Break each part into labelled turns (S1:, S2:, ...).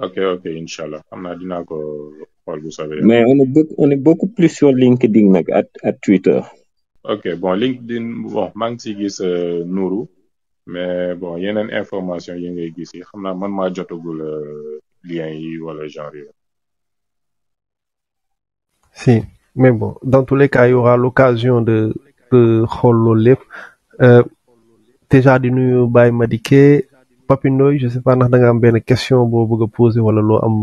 S1: Ok, ok, Inch'Allah. on a ko vous savez mais on est beaucoup
S2: on est beaucoup plus sur LinkedIn nag at at Twitter.
S1: ok bon LinkedIn bon maa ngi siy gis euh, Nourou mais bon une information yi ngay Je yi xam naa man maa le euh, lien yi wala genre
S3: si mais bon dans tous les cas il y aura l'occasion de de Euh, déjà di nuyu Baye Madické Papi Ndoye je sais pas ndax da nga am benn question boo bëgg a poser wala loo am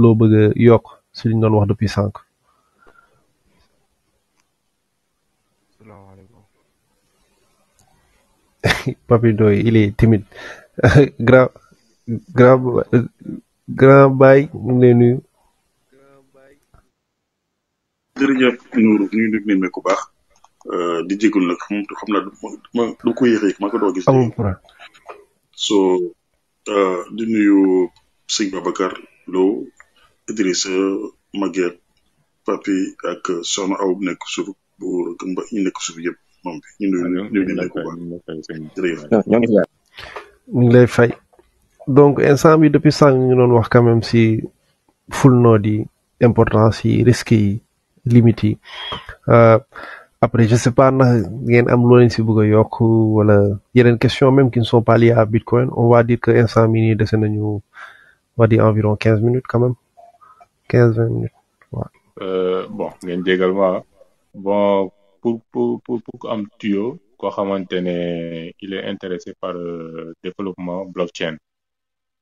S3: loo bëgg a yokk si li ñu doon wax depuis sànq. Papi Ndoye il est timide grand grand grand Baye ñu ngi lay nuyu.
S4: jërëjëf Nourou ñu ngi nuyu ku baax. Euh, di jégul nag xam naa ma du ko yéexee ma ko doo gis. amul problème so euh, di nuyu sëñ Babacar Lo Idrissa Maguette Papi ak Soxna Aw nekk suuf bu Gëmba ñu nekk suuf yëpp moom bi ñu nuyu ñu nuyu ko baax ñu
S3: ngi lay fay donc instant bi depuis sànq ñu doon wax quand même si full node yi importance yi risques yi limites yi. Euh, après je ne sais pas il y am a une question même qui ne sont pas liées à Bitcoin on va dire que y minutes de on va dire environ 15 minutes quand même 15, 20 minutes
S1: euh, bon il y également. bon pour pour pour pour am tuyau il est intéressé par le euh, développement blockchain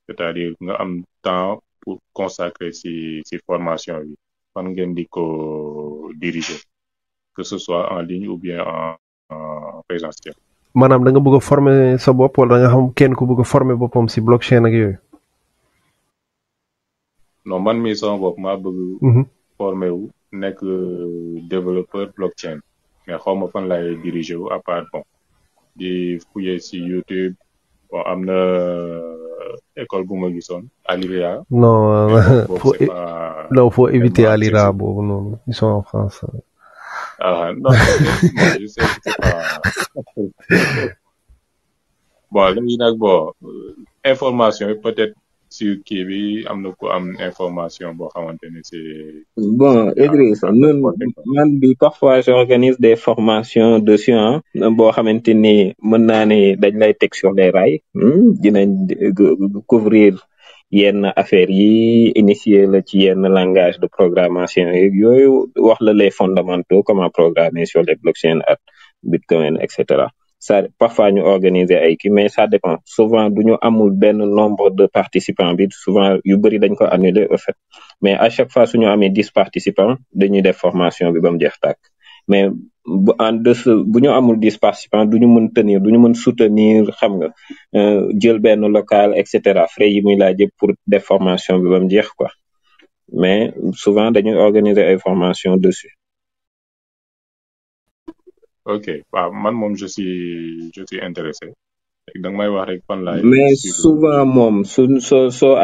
S1: c'est-à-dire a un temps pour consacrer ses formations formations bi fan ngeen di ko diriger que ce soit en ligne ou bien en, en présentiel.
S3: maanaam da nga bëgg former sa bop wala da nga xam kenn ku bëgg a former boppam si blockchain ak yooyu.
S1: non man mii sama bopp maa bëgg. Mhm. former wu nek euh, développeur blockchain mais ne ma pas laay diriger wu à part bon di fouiller sur YouTube bon am euh, école bu ma à Alira. non il euh, faut éviter Alira
S3: boobu noonu ils sont en France. Hein. Ajá,
S1: no, information bi peut-être si kii bi am na ko am information boo xamante ni
S2: bon Idrissa ñun man bi parfois j'organise des formation de ah boo xamante ni mën naa ne dañ lay teg sur les rails hmm? dinañ couvrir. yenn affaires yi initier la ci yenn langage de programmation yooyu wax la les fondamentaux comment programmer sur les blockchains ak bitcoin et cetera ça parfois ñu organiser ay kii mais ça dépend souvent du ñu amul benn nombre de participants bi souvent yu bëri dañ ko annuler au mais à chaque fois suñu amee dix participants dañuy def formation bi ba mu jeex tàkk mais bu en dessous bu ñu amul dix participants du mën tenir duñu mën soutenir xam nga euh, jël benn local et cetera frais yi muy laaj pour des formations, bi bam mu jeex quoi mais souvent dañuy organiser ay formations dessus
S1: ok bah man mom je suis je suis intéressé mais
S2: souvent si so so soo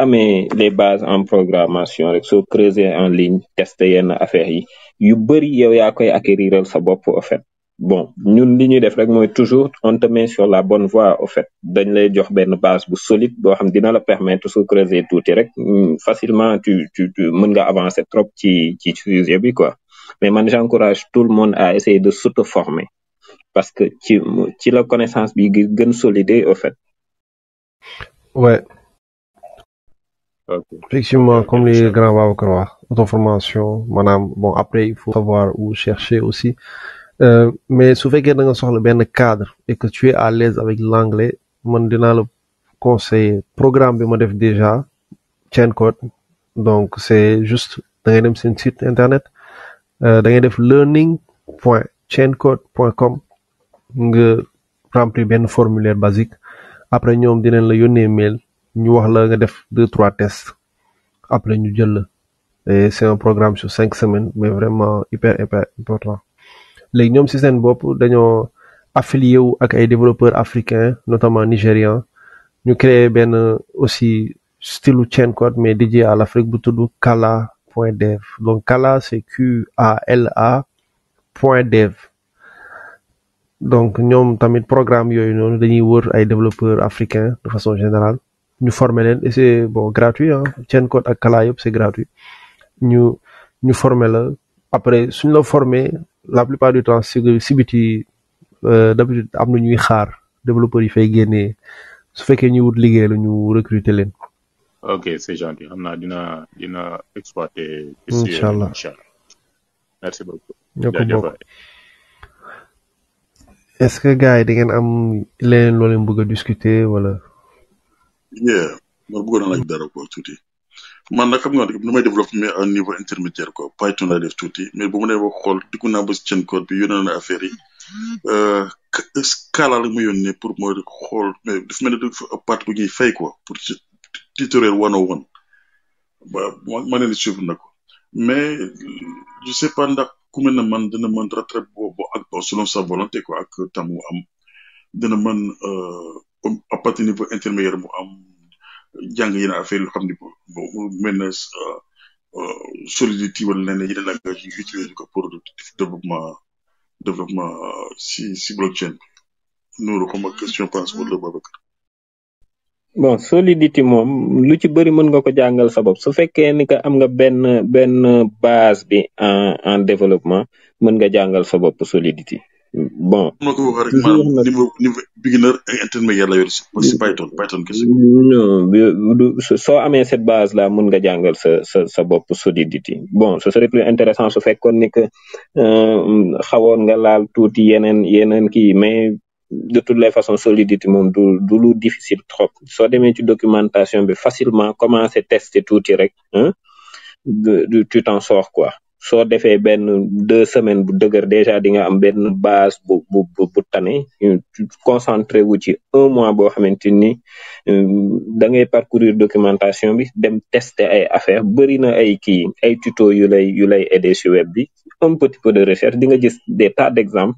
S2: les bases en programmation rek so creuser en ligne tester yenn affaire. yi yu bari yow yaa koy acquériral sa bop au fait bon ñun li ñuy def rek toujours on te met sur la bonne voie au fait dañ lay jox ben base bu solide bo xam dina la permettre so creuser tout rek mm, facilement tu tu tu mën nga avancer trop ci ci sujet bi quoi mais man j'encourage tout le monde à essayer de s'auto-former parce que tu, ci la connaissance bi gën solide au fait.
S3: ouais. Okay. Effectivement, comme les grands Babacar wax, auto-formation, manam bon après il faut savoir où chercher aussi. Euh, mais si tu da nga soxla cadre et que tu es à l'aise avec l'anglais man dinaa le conseiller programme bi ma def déjà chain code donc c'est juste da ngay dem site internet euh, da ngay def learning nga remplir benn formulaire basique après ñoom dinañ la yónnee mail ñu wax la nga def deux trois tests après ñu jël la c'est un programme sur cinq semaines mais vraiment hyper hyper important léegi ñoom si seen bopp dañoo affilié ak ay développeurs africains notamment nigérians ñu créé benn aussi style chain code mais dédié à l'Afrique bu tudd kala point dev donc kala c'est Q A L A point dev donc ñoom tamit programme yooyu noonu dañuy wër ay développeurs africains de façon générale ñu former leen et c'est bon gratuit hein seen code ak Kala yëpp c'est gratuit ñu ñu former la après suñ la former la plupart du temps si si biti euh, d'habitude am na ñuy xaar développeurs yi fay génnee su fekkee ñu wut liggéey la ñu recruter leen. ok
S1: c'est gentil xam naa dina dina exploiter. Euh, incha allah merci beaucoup.
S3: est-ce que gars yi da ngeen am leneen loo leen bëgg a discuter wala.
S4: yeah man bëggoon laaj dara ko tuuti man nag nga nu may développé à niveau intermédiaire quoi Python laa def tuuti mais bu ma nee wax xool dugg naa ba si seen code bi yónnee na affaire yi euh, Scala la ma yónnee pour mooy xool mais dafa mel ni dafa part bu ñuy fay quoi pour tutoriel one on oh one ba ma ma leen suivre na ko mais je sais pas ku mel ne man dina mën retraite boobu ak selon sa volonté quoi ak temps mu am dina man euh, à partir niveau intermédiaire mu am jàng yenn affaire yoo xam ne boobu mel ne euh, euh, solidité wala leneen yeneen langage yu utilisé ko pour développement développement si si blockchain bi noonu
S2: xam question pense pour le Babacar Bon, solidity mom lu ci bari mën nga ko jangal sa bopp su fekke ni ka am nga ben ben base bi en en développement mën nga jangal sa bopp solidity. Bon, ma ko wax rek ma ni ni
S4: beginner et intermédiaire la yori ci Python Python
S2: kese. Non, so amé cette base là mën nga jangal sa sa sa bopp solidity. Bon, ce serait plus intéressant su fekkone ni que euh, xawone nga laal touti yenen yenen ki mais de toutes les façons solidité monde, du du lu difficile trop tu demee ci documentation bi facilement commencer tester tout rek hein, tu t'en sors quoi soit défé ben deux semaines bu deuguer déjà di nga am base pour bu bu bu tu concentré wu un mois pour xamante ni euh, da ngay parcourir documentation bi dem tester ay affaire bari na ay kii ay tuto yu lay yu lay web bi un petit peu de recherche di nga des tas d'exemples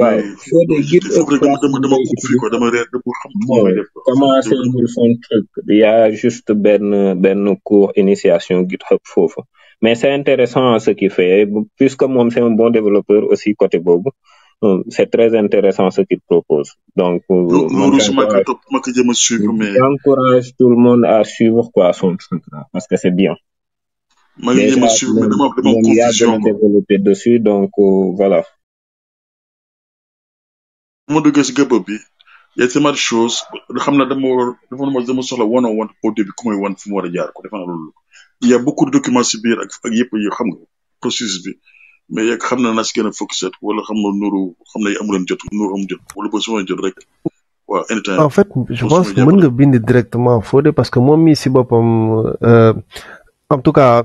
S2: waaw soo dee gis. quoi dama xam. son truc. y a juste ben benn cours initiation GitHub mais c'est intéressant hein, ce qu'il fait puisque moom c'est un bon développeur aussi côté Bob hum, c'est très intéressant ce qu'il propose donc. Euh, j'encourage tout le monde à suivre quoi son truc parce que c'est bien. il y mais dessus donc euh, voilà
S4: ma duggee si gëbëb bi y'a ci de chose xam naa dama war dafa ma dama soxla wono won au début ku may wan fu mu war jaar ko defal naa loolu il y a beaucoup de documents ci biir ak ak yëpp yi xam nga processus bi mais yegg xamna na naa si gën wala xam nga nuru xam na amu leen jot nuru am jot wala ba su jot rek wa anytime en fait je pense que mën
S3: nga bind directement Fodé parce que moom ci bopam euh en tout cas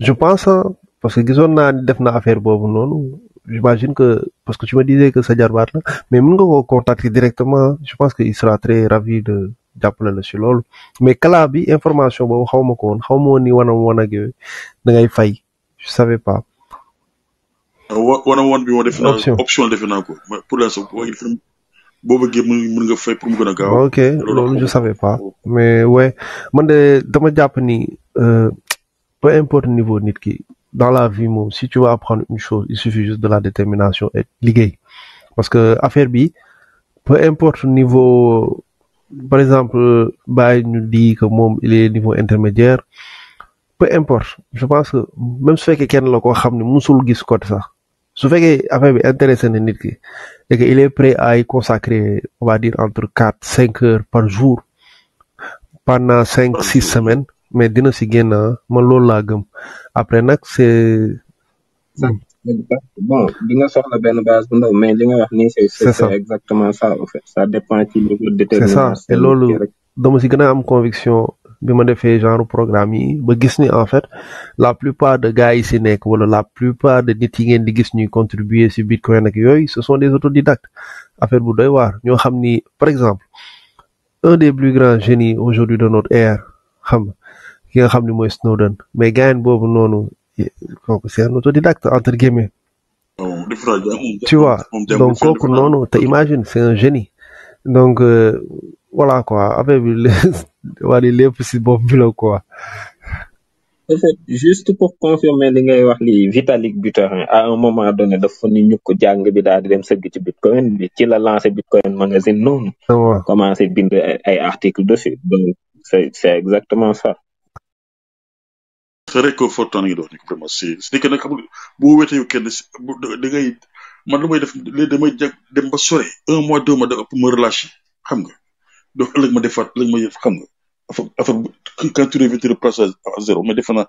S3: je pense hein, parce que gisoon na def na affaire bobu nonou j'imagine que, parce que tu me disais que c'est Bartla, mais nous allons contacter directement, je pense qu'il sera très ravi de jàppale sur si mais kala bi information bah xaw ma ko woon xaw ma woon ni wanam wan ak da ngay fay je savais pas.
S4: Euh, wanam wan bi def option defe naa Pour pour l'instant boo bëggee mën nga fay pour mu gën ok je savais pas
S3: mais ouais man de dama jàpp ni euh, peu importe niveau de ki dans la vie si tu veux apprendre une chose il suffit juste de la détermination et ligue parce que affaire bi peu importe le niveau par exemple il nous dit que mon il est niveau intermédiaire peu importe je pense que même ce fait qu'il la musul gis sax su affaire bi intéressé nit ki il est prêt à y consacrer on va dire entre 4 5 heures par jour pendant 5 6 semaines mais dina ci génn ah. ma lool la gëm après nak c'est. Hmm.
S2: bon di nga soxla ben base bu ndaw mais li nga wax ni c'est exactement ça en fait ça dépend ci niveau de détermination. c'est ça et loolu
S3: dama si gën am conviction bima ma genre programme yi ba gis ni en fait la plupart de gars yi ci nek wala la plupart de nit yi ngeen di gis ñuy contribuer ci bitcoin ak yoy ce sont des autodidactes affaire bu doy war ño xamni ni par exemple un des plus grands génies aujourd'hui de notre ère xam nga ki nga xam ne mooy Snowden mais gaayen boobu noonu kooku c'est un autodidacte entre guillemets tu vois donc kooku noonu te imagine c'est un génie donc euh, voilà quoi affaire bi wala lépp si bopp bi la quoi
S2: en fait juste pour confirmer li ngay wax li Vitalik Buterin à un moment donné dafa ni ñu ko jàng bi daal di dem sëgg ci bitcoin bi ci la lancé bitcoin magazine noonu. Ah commencé bind ay articles dessus donc c'est exactement ça.
S4: xëy ko Fortran a ngi dox ni ko vraiment si si nekk nag man lu may def léegi damay jag dem ba sore un mois deux mois da ëpp ma relâché xam nga donc ëllëg ma defaat ëllëg ma yëf xam nga affaire affaire quand tu reviens zéro mais defe naa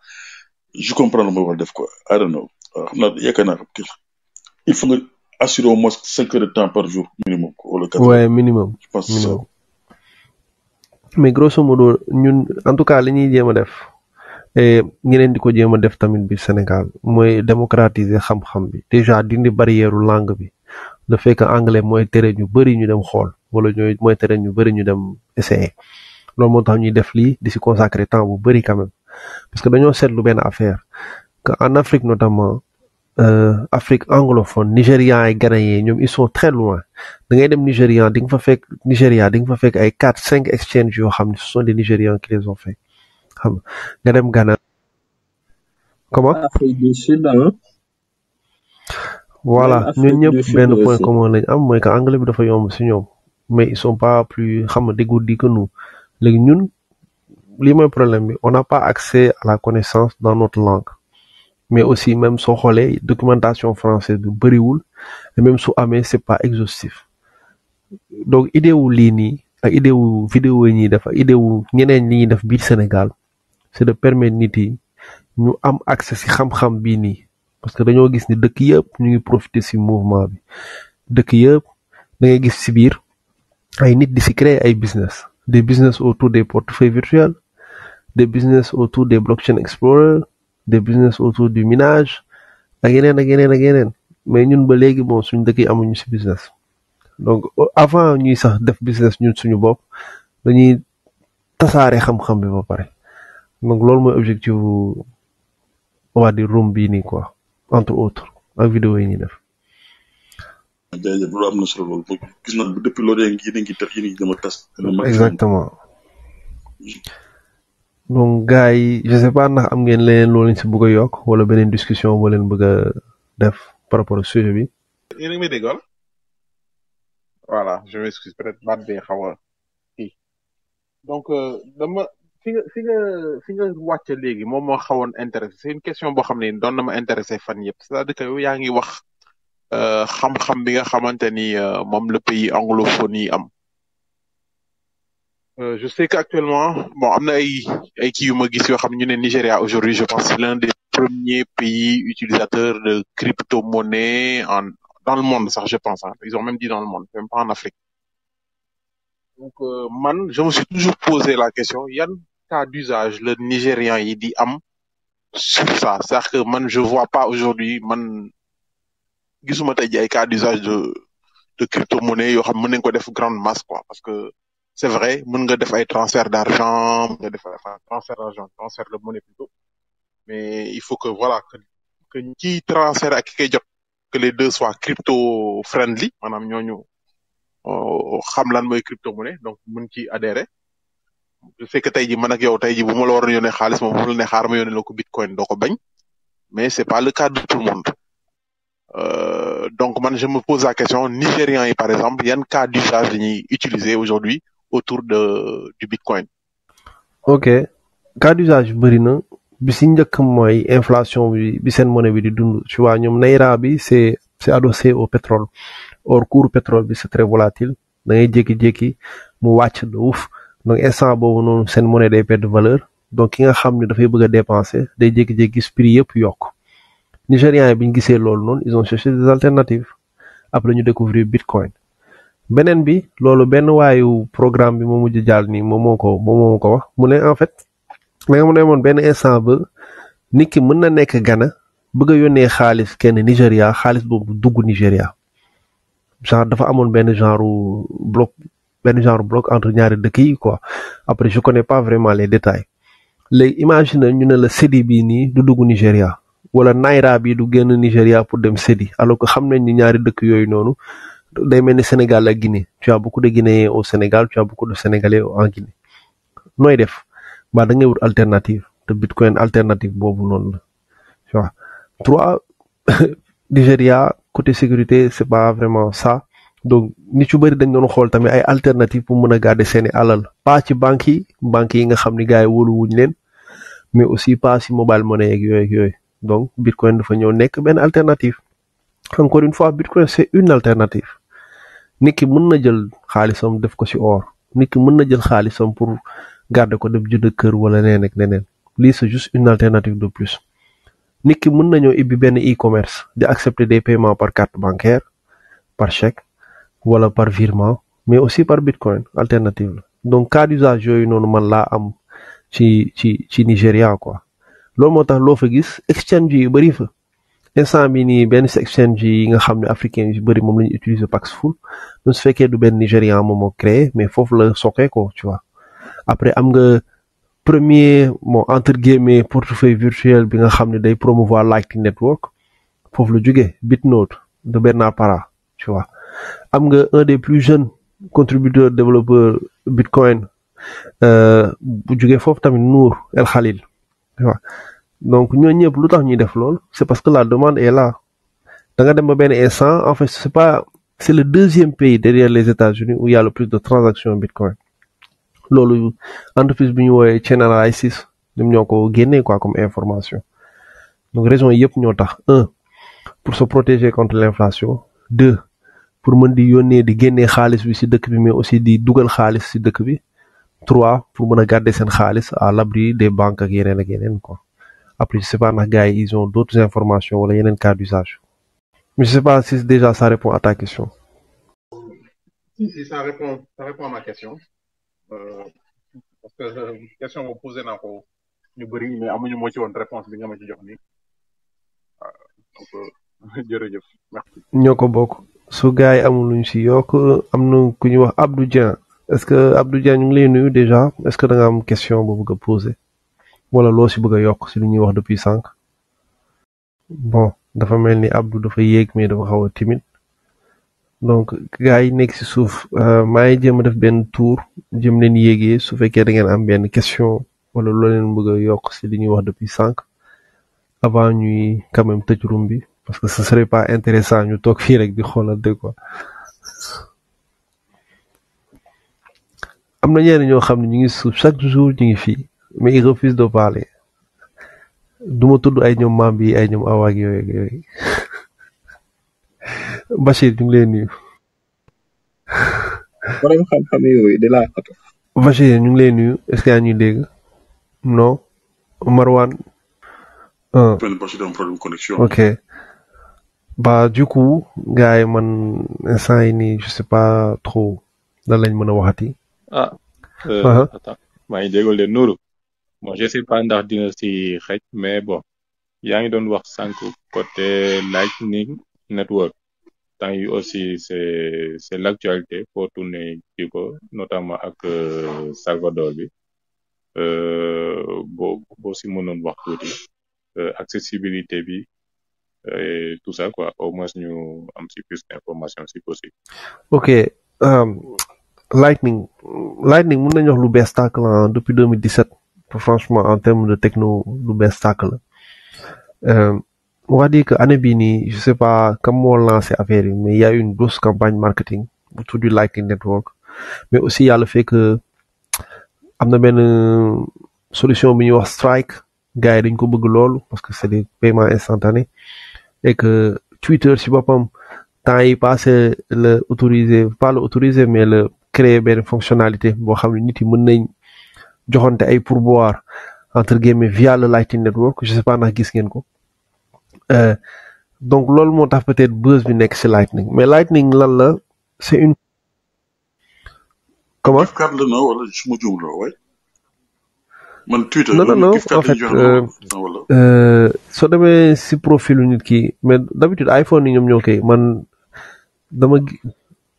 S4: je lu ma war a def quoi I don't know na euh, naa naa il faut nga assurer au moins cinq heures de temps par jour minimum. wala
S3: quatre ouais minimum je pense mais en tout cas li ñuy jéem a def. Eh, ñeneen di ko jéem a def tamit bi Sénégal mooy démocratiser xam-xam bi déjà dindi barrière langue bi le fait que anglais mooy tere ñu bëri ñu dem xool wala ñooy mooy tere ñu bëri ñu dem essayer loolu moo tax ñuy def lii di si consacrer temps bu bëri quand même parce que dañoo seetlu benn affaire que en Afrique notamment euh, Afrique anglophone Nigérian ay Ghanéens ñoom ils sont très loin da ngay dem Nigérian di nga fa fekk Nigéria di nga fa fekk ay 4 5 exchange yoo xam ne ce sont des Nigérians qui les ont fait Hum. nga dem
S2: comment ah, Afrique hein.
S3: voilà ñun ñëpp benn point commun lañ am mooy que anglais bi dafa yomb si ñoom mais ils sont pas plus xam dégourdis que nous léegi ñun lii mooy problème bi on n'a pas accès à la connaissance dans notre langue. mais aussi même soo xoolee documentation française bi bëriwul même su amee c'est pas exhaustif donc idée wu lii nii ak idée wu vidéo yi ñuy def ak idée wu ñeneen ñi ñuy def Sénégal c'est de permettre nit yi ñu am accès ci xam-xam bii nii parce que dañoo gis ni dëkk yëpp ñu ngi profiter ci mouvement bi dëkk yëpp da ngay gis ci biir ay nit di si créer ay business des business autour des portefeuilles virtuels des business autour des blockchain explorer des business autour du minage ak yeneen ak yeneen ak yeneen mais ñun ba léegi bon suñ dëkk yi amuñu ci business donc avant ñuy sax def business ñun suñu bopp dañuy tasaare xam-xam bi ba pare donc lool moy objectif on va dire room bi ni quoi entre autres ak vidéo yi ñuy def
S4: jaajëf lu am na solo loolu gis naa depuis loolu yéen ngi ngi def yéen ngi dama test exactement
S3: donc gars je sais pas nak am ngeen leneen lool leen si bëgg a yokk wala benen discussion bo leen bëgg def par rapport au sujet bi
S5: yéen ngi may déggal voilà je m'excuse peut-être baat bi xawa a kii donc euh, dama fi nga fi nga fi nga wàcce léegi moom moo xawoon intéressé c'est une question boo xam ne doon na ma intéressé fan yëpp c'est-à-dire que yaa ngi wax euh, xam-xam bi nga xamante ni euh, moom le pays anglophone yi am euh, je sais qu'actuellement bon am na ay ay kii yu ma gis yoo xam ñu ne Nigéria aujourd'hui je pense c'est l'un des premiers pays utilisateurs de crypto-monnaie en dans le monde sax je pense hein. ils ont même dit dans le monde même pas en Afrique donc euh, man je me suis toujours posé la question yan cas d'usage le Nigérian il dit « am sur ça c'est-à-dire que man je vois pas aujourd'hui man gisuma tey ay cas d'usage de de crypto-monnaie yo xam mën nañ ko def grande masse quoi parce que c'est vrai mën nga def ay transfert d'argent nga def transfert d'argent transfert de monnaie plutôt mais il faut que voilà que que qui transfert ak ki jot que les deux soient crypto friendly manam ñoñu euh, xam lan moy crypto-monnaie donc mën ci adhérer je sais que man ak yow la bitcoin mais c'est pas le cas de tout le monde euh, donc man je me pose la question nigérians yi par exemple yan cas d'usage la aujourd'hui autour de du bitcoin.
S3: ok cas d'usage bëri bi inflation monnaie tu c'est adossé au pétrole or cours pétrole c'est très volatile da ngay jékki donc instant boobu noonu seen monnaie day perdre valeur donc ki nga xam ne dafay bëgga a day jékki-jékki gis prix yëpp yokk Nigérians yi bi ñu gisee loolu noonu ils ont cherché des alternatives après ñu découvrir Bitcoin beneen bi loolu benn waayu programme bi moo mujj jàll nii moom moo ko moom moo ko wax mu ne en fait da nga mu ne moon benn instant ba nit ki mën na nekk gana bëgg a yónnee xaalis kenn Nigéria xaalis boobu dugg Nigéria genre dafa amoon benn genre bloc ben genre bloc entre ñaari dëkk yi quoi après je connais pas vraiment les détails les imagine ñu ne le CEDI bi ni du dugg ou wala Naira bi du nigeria pour dem CEDI alors que xam nañ ni ñaari dëkk yooyu noonu day melni Sénégal ak Guinée tu as beaucoup de guinée au Sénégal tu as beaucoup de Sénégalais en Guinée nooy def ba da ngay wut alternative te bitcoin alternative boobu noonu la tu vois trois Nigeria côté sécurité c'est pas vraiment ça donc nit yu bëri dañ doon xool tamit ay alternative pour mën a garder seeni alal pas ci banques yi banque yi nga xam ni gars yi wuñ leen mais aussi pas si mobile money yeeg yooyu ak yooyu donc bitcoin dafa ñëw nekk benn alternative encore une fois bitcoin c'est une alternative nit ki mën na jël xaalisam def ko si or nit ki mën na jël xaalisam pour garder ko def jënd kër wala leneen ak leneen lii c'est juste une alternative de plus nit ki mën nañoo ibbi benn e-commerce di accepter des paiements par carte bancaire par chèque wala par virement mais aussi par bitcoin alternative donc cas d'usage yooyu non man la am ci ci ci nigeria quoi loolu motax lo fa gis exchange yu bari fa instant bi ni ben exchange yi nga xamni africain yu bari mom lañu utiliser Paxful même su fekkee du ben Nigérian momo créer mais faut le soqee ko tu vois après am nga premier mon entre guillemets portefeuille virtuel bi nga xamni day promouvoir Lightning Network foofu le jógee bitnote de Bernard Para tu vois am nga un des plus jeunes contributeurs développeurs Bitcoin euh, bu jugee foofu tamit Nour El Khalil donc ñoo ñëpp lutax ñuy def lool c'est parce que la demande est là da nga dem ba instant en fait c'est pas c'est le deuxième pays derrière les États-Unis où il y a le plus de transactions Bitcoin lolu entreprise bi ñu woyé Chainalysis nous ñoo ko génnee quoi comme information donc raison yëpp ñoo tax un pour se protéger contre l'inflation 2 pour mën di yónnee di génnee xaalis bi ci dëkk bi mais aussi di dugal xaalis ci dëkk bi trois pour mën a garder seen xaalis à l'abri des banques ak yeneen ak yeneen quoi après je sais pas ndax gars yi ils ont d'autres informations wala yeneen cas usage mais je sais pas si déjà ça répond à ta question.
S5: si si ça répond ça répond à ma question euh, parce que euh, question boobu posé naa ko ñu bëri mais amuñu moo ci woon réponse bi nga ma ci jox nii euh, donc euh, jërëjëf
S3: merci. ñoo ko bokk. su gaay yi amul luñ si yokk am na ku ñuy wax Abdou Dieng est ce que Abdou Dieng ñu ngi lay nuyu déjà est ce que da nga am question boo bëgg poser wala loo si bëgg a yokk si lu ñuy wax depuis sànq bon dafa mel ni Abdou dafa yéeg mais dafa xaw a timide donc gaay nekk si suuf euh, maa ngi jéem def benn tour jëm leen yéegee su fekkee da ngeen am benn question wala loo leen bëgg a yokk si li ñuy wax depuis sànq avant ñuy quand même tëj room bi parce que ce serait pas intéressant ñu toog fii rek di xoolante quoi am na ñenn ñoo xam ne ñu ngi suuf chaque jour ñu ngi fii mais ils refusent de parler du ma tudd ay ñoom maam bi ay ñoom awaak yooyu ak yooyu Bachir ñu ngi leen nuyu.
S2: borom xam-xam yooyu di laa xatu.
S3: Bachir ñu ngi leen nuyu est-ce que yaa ñuy dégg non Marwan. ah. problème Bachir am
S4: problème connexion. ok.
S3: Bah, du coup, gars man instant yi je sais pas trop dans lañ mën a waxati.
S1: ah. Euh, attends maa ngi jégalu moi Nourou. je sais pas dans dynastie xej mais bon yaa ngi doon wax sank côté Lightning Network tant yi aussi c'est c'est l'actualité pour tourner du coup notamment avec ak euh, Salvador bi euh, bo bo si mënoon wax euh, accessibilité bi et tout ça, quoi. Au moins, nous avons un petit plus d'informations si possible.
S3: Ok. Euh, Lightning. Lightning, nous avons le best depuis 2017. Franchement, en termes de techno, le best euh, on va dire que année Bini, je sais pas comment on lance affaire, mais il y a eu une grosse campagne marketing autour du Lightning Network. Mais aussi, il y a le fait que, a eu une solution bi strike gars yi dañ ko parce que c'est des paiements instantanés et que Twitter si boppam temps y passé le autoriser pas le autoriser mais le créer une fonctionnalité pour xam ne nit yi mën nañ joxante ay pourboire entre guillemets via le Lightning Network je sais pas na gis ngeen ko euh, donc lol moo tax peut-être buzz bi nek ci Lightning mais Lightning lan la c'est une
S4: comment. wala su ouais man Twitter non non non en fait euh,
S3: euh, soo demee si profil nit ki mais d'habitude iPhone yi ñoom ñoo koy man dama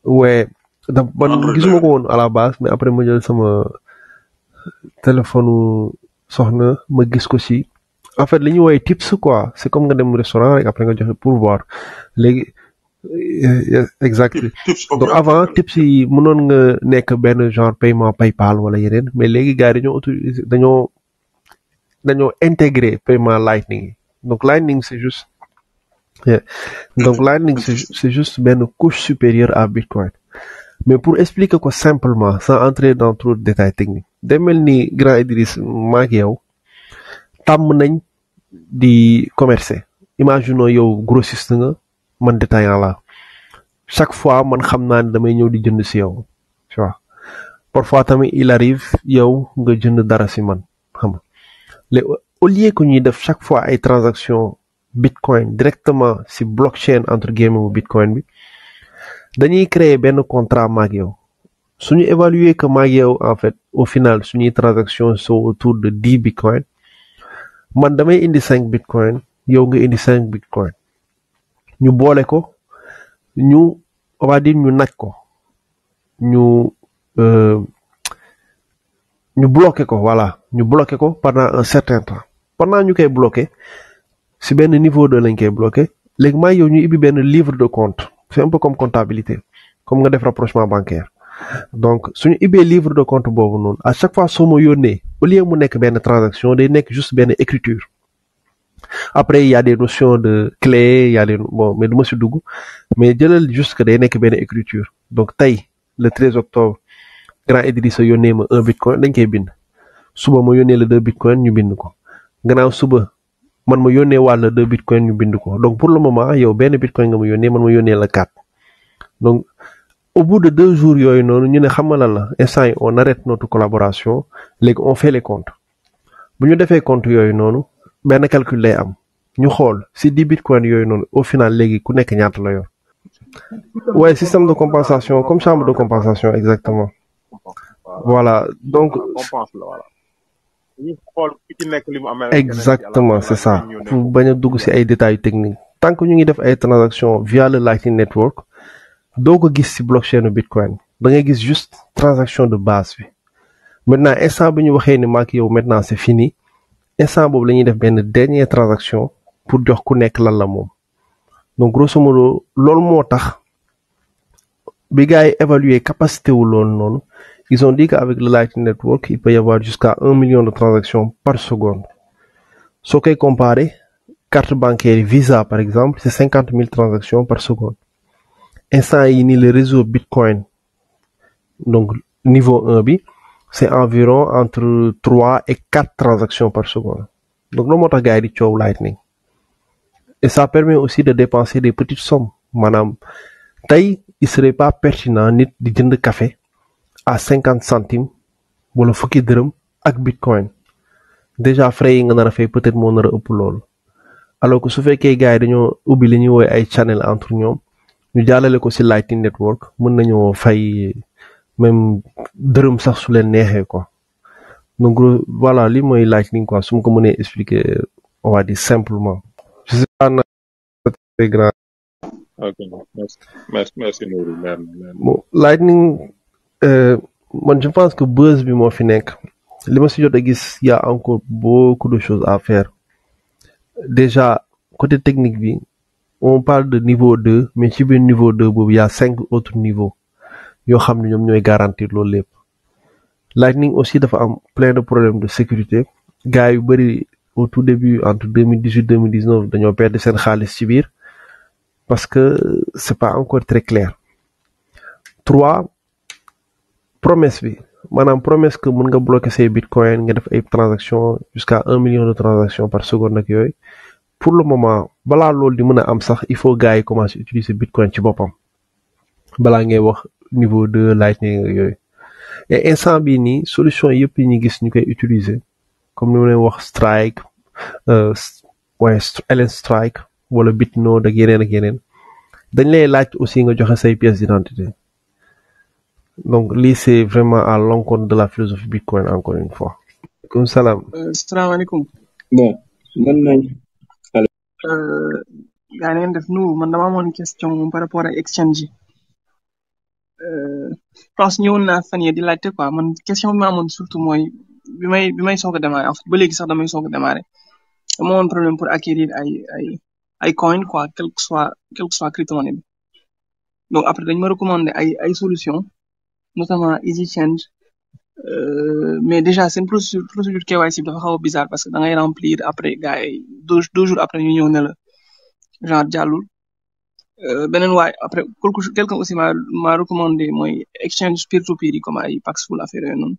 S3: waaye da man gisuma ko woon à la base mais après ma jël sama téléphone soxna ma gis ko si en fait li ñuy woowee tips quoi c'est comme nga dem restaurant rek après nga joxe pour pourboire léegi yes, exactly tips, donc avant tips yi mënoon nga nekk benn genre paiement paypal wala yeneen mais léegi gars yi dañoo autorisé dañoo dañoo intégré paiement lightning yi donc lightning c'est juste yeah. donc lightning c'est juste benn couche supérieure à bitcoin mais pour expliquer ko simplement sans entrer dans trop de détails techniques day mel ni grand Idriss maag yow tàmm nañ di commercer imaginons yow grossiste nga man détaillant la chaque fois man xam naa ne damay ñëw di jënd si yow tu vois parfois tamit il arrive yow nga jënd dara si man xam nga léegi au que ñuy def chaque fois ay transaction bitcoin directement si blockchain entre guillemets wu bitcoin bi dañuy créer benn contrat maag yow suñu évaluer que maag yow en fait au final suñuy transaction sont autour de dix bitcoin man damay indi cinq bitcoin yow nga indi cinq bitcoin ñu boole ko ñu on va dire ñu naj ko ñu euh, ñu bloqué ko voilà ñu bloqué ko pendant un certain temps pendant ñu koy bloqué si le niveau de lañ koy bloqué léegi maa yow ñu bien le livre de compte c'est un peu comme comptabilité comme nga def rapprochement bancaire donc suñu ibé livre de compte bobu à chaque fois soo yone au lieu mu nekk ben transaction day nekk juste bien écriture après il y a des notions de clé il y a des bon mais de monsieur Dougou mais mais jëlal juste que day nekk écriture donc tay le 13 octobre grand Idrissa yónnee ma un bitcoin dañ koy bind suba ma yónnee le deux bitcoin ñu bind ko gannaaw suba man ma yónnee wal le deux bitcoin ñu bind ko donc pour le moment yow ben bitcoin nga ma yónnee man ma yónnee la quatre donc au bout de deux jours yoy non ñu ne xamala la instant on arrête notre collaboration léegi on fait les comptes buñu défé compte yoy non ben calcul lay am ñu xol si di bitcoin yoy non au final léegi ku nekk ñaata la yor Ouais, système de compensation comme chambre de compensation exactement voilà donc
S5: exactement c'est ça
S3: pour bañ dugg ci détails techniques tant que ñu ngi def ay transactions via le Lightning Network do ko gis ci blockchain bitcoin da ngay gis juste transaction de base bi maintenant ce bi ñu waxé ni mak yow maintenant c'est fini instant boobu lañuy def benn dernière transaction pour jox ku lan la donc grosso modo loolu moo bi évaluer capacité wu loolu ils ont dit qu'avec le Lightning Network il peut y avoir jusqu'à un million de transactions par seconde soo koy comparé, carte bancaire Visa par exemple c'est 50 mille transactions par seconde instant yi ni le réseau Bitcoin donc niveau 1. bi c'est environ entre 3 et 4 transactions par seconde donc nous moo tax lightning et ça permet aussi de dépenser des petites sommes madame il il serait pas pertinent de di jënd café à 50 centimes wala fukki drum avec bitcoin déjà frais yi a peut-être pour nar a alors que su que gars yi dañoo ubbi nous ñuy ay channel entre nous nous avons ko lightning network Nous nañoo fay même dërëm sax su leen neexee quoi donc euh, voilà les mooy lightning quoi su ma ko mënee expliquer on va dire simplement. je sais pas na grand.
S1: ok merci merci Nourou
S3: bon Lightning euh, man je pense que buzz bi moo fi nekk li ma si jot a gis y a encore beaucoup de choses à faire déjà côté technique bi on parle de niveau 2 mais ci biir niveau 2 il y a cinq autres niveaux yoo xam ne ñoom ñooy garantir loolu lépp Lightning aussi dafa am plein de problèmes de sécurité gars yu bëri au tout début entre 2018 et 2019 de dañoo perdre ci biir parce que c'est pas encore très clair trois promesse bi maanaam promesse que mën nga bloquer say bitcoin nga def ay transactions jusqu'à un million de transactions par seconde ak pour le moment balaa loolu di mën a am sax il faut gars yi commencer utiliser bitcoin ci boppam balaa ngay wax niveau 2 lightning et instant bi nii solution yëpp ñi gis ñukay utiliser comme nous ma wax strike waaye euh, ellen strike wala bitnode ak yenen ak yeneen dañ lay laaj aussi nga joxe say pièces d'identité donc li c'est vraiment à l'encontre de la philosophie bitcoin encore une fois salam assalam
S6: euh, salaamaaleykum bon man nañ euh nous def nu man dama question par rapport à exchange euh, France ñëwoon naa fan yii di laajte quoi man question bi ma amoon surtout mooy bi may bi may soog a démarrer en fait ba léegi sax damay soog a démarrer dama amoon problème pour acquérir ay ay ay coin quoi quel que soit quel que soit crypto-monnaie bi donc après dañ ma recommander ay ay solutions notamment EasyChange euh, mais déjà seen procédure procédure KYC bi dafa xaw a bizarre parce que da ngay remplir après gars yi deux deux jours après ñu ñëw ne la genre jàllul. Euh, beneen waay après quelque quelqu'un aussi ma ma recommandé mooy exchange peer to peer yi comme ay Paxful affaire yooyu noonu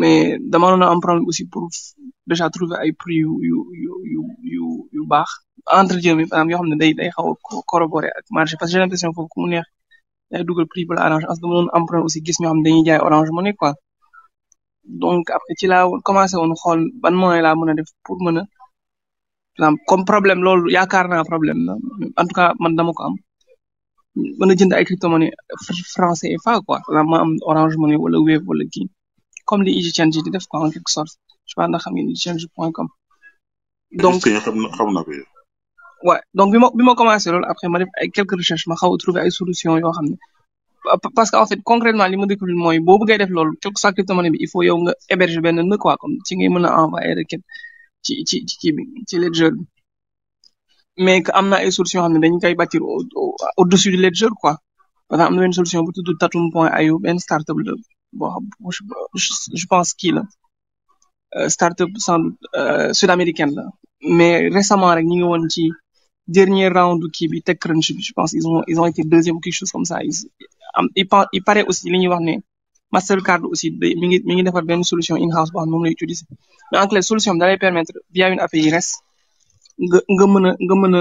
S6: mais dama doon am problème aussi pour déjà trouver ay prix yu yu yu yu yu baax entre guillemets par exemple yoo xam ne day day xaw a corroboré ak marché parce que j'ai l'impression foofu ku mu neex day dugal prix pour orange parce que dama doon am problème aussi gis ñoo xam ne dañuy jaay Orange Money quoi donc après ci laa commencé woon xool ban monnaie laa mën a def pour mën a comme problème loolu yaakaar naa problème la en tout cas man dama ko am mën a jënd ay crypto cryptomonnaie français et fa quoi ma am orange money wala wave wala kii comme li EasyChange di def quoi en quelque sorte je pense ndax xam ngeen EasyChange point com
S4: donc xam na ko
S6: ouais donc bi ma bi ma commencé loolu après ma def ay quelques recherches ma xaw a trouver ay solutions yoo xam ne parce que en fait concrètement li ma découvrir mooy boo bëggee def loolu quelque soit cryptomonnaie bi il faut yow nga héberger benn nœud quoi comme ci ngay mën a envoyer requête ci ci ci ci bi ledger mais que am a ay solution yoo xam koy bâtir au dessus du ledger quoi parce que amna une solution bu tudd Tatum point startup je pense qu'il euh, startup sans euh, sud-américaine là mais récemment rek ñi ngi won ci dernier round qui bi tech crunch je pense ils ont ils ont été deuxième quelque chose comme ça ils il paraît aussi li wax né Mastercard aussi mi aussi mi ngi defar benn solution in house boo xam ne moom lay utiliser mais en clair solution bi da permettre via une API REST nga nga mën a nga mën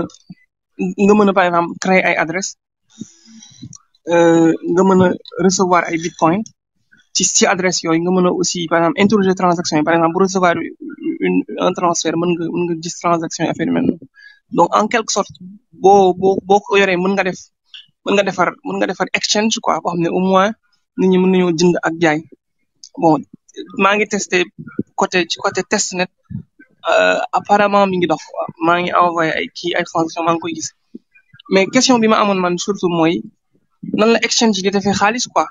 S6: nga mën par exemple créer ay adresse euh, nga mën recevoir ay bitcoin ci ci adresse yooyu nga mën aussi par exemple interroger transaction par exemple pour recevoir une un transfert mën nga mën nga gis transaction yi donc en quelque sorte boo boo boo ko yoree mën nga def mën nga defar mën nga defar exchange quoi boo xam au moins nit ñi mën nañu jënd ak jaay bon maa ngi testé côté ci côté test net euh, apparemment mi ngi dox maa ngi envoyé ay kii ay transaction maa ngi koy gis mais question bi ma amoon man surtout mooy nan la exchange di defee xaalis quoi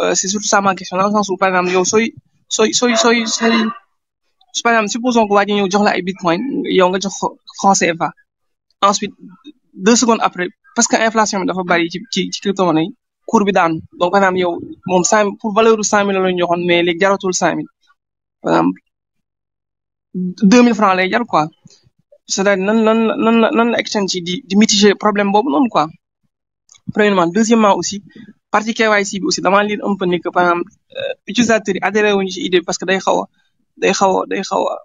S6: euh, c'est surtout ça ma question dans le sens où par exemple yow sooy sooy sooy sooy sooy par exemple supposons que waa ji ñëw jox la ay bitcoin yow nga jox franc CFA ensuite deux secondes après parce que inflation bi dafa bari ci ci ci crypto monnaie cours bi daan donc par yow moom cent pour valeur bu cent mille la ñu joxoon mais léegi jaratul cent mille par deux mille francs lay jar quoi c'est-à-dire nan nan nan nan la exchange yi di di mitiger problème boobu noonu quoi premièrement deuxièmement aussi partie KYC bi aussi dama lire un peu ni que par exemple euh, utilisateurs yi adhéré wuñu ci idée parce que day xaw a day xaw a day xaw a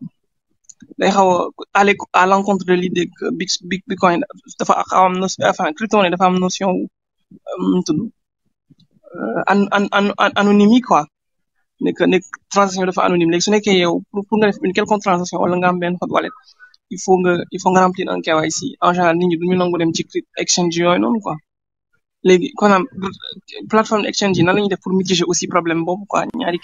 S6: day xaw a aller à l'encontre de l'idée que bi bitcoin dafa xaw am notion enfin crypto monnaie dafa am notion euh, mu tudd Euh, an an an anonyme yi quoi nekk nekk transaction dafa anonyme léegi su nekkee yow pour nga def une quelconque transaction wala nga am benn hot wallet il faut nga il faut nga remplir un KYC en général nit ñi duñu nangu dem ci exchange yooyu noonu quoi léegi konaam euh, plateforme exchange yi nan lañu def pour mitiger aussi problème boobu quoi ñaari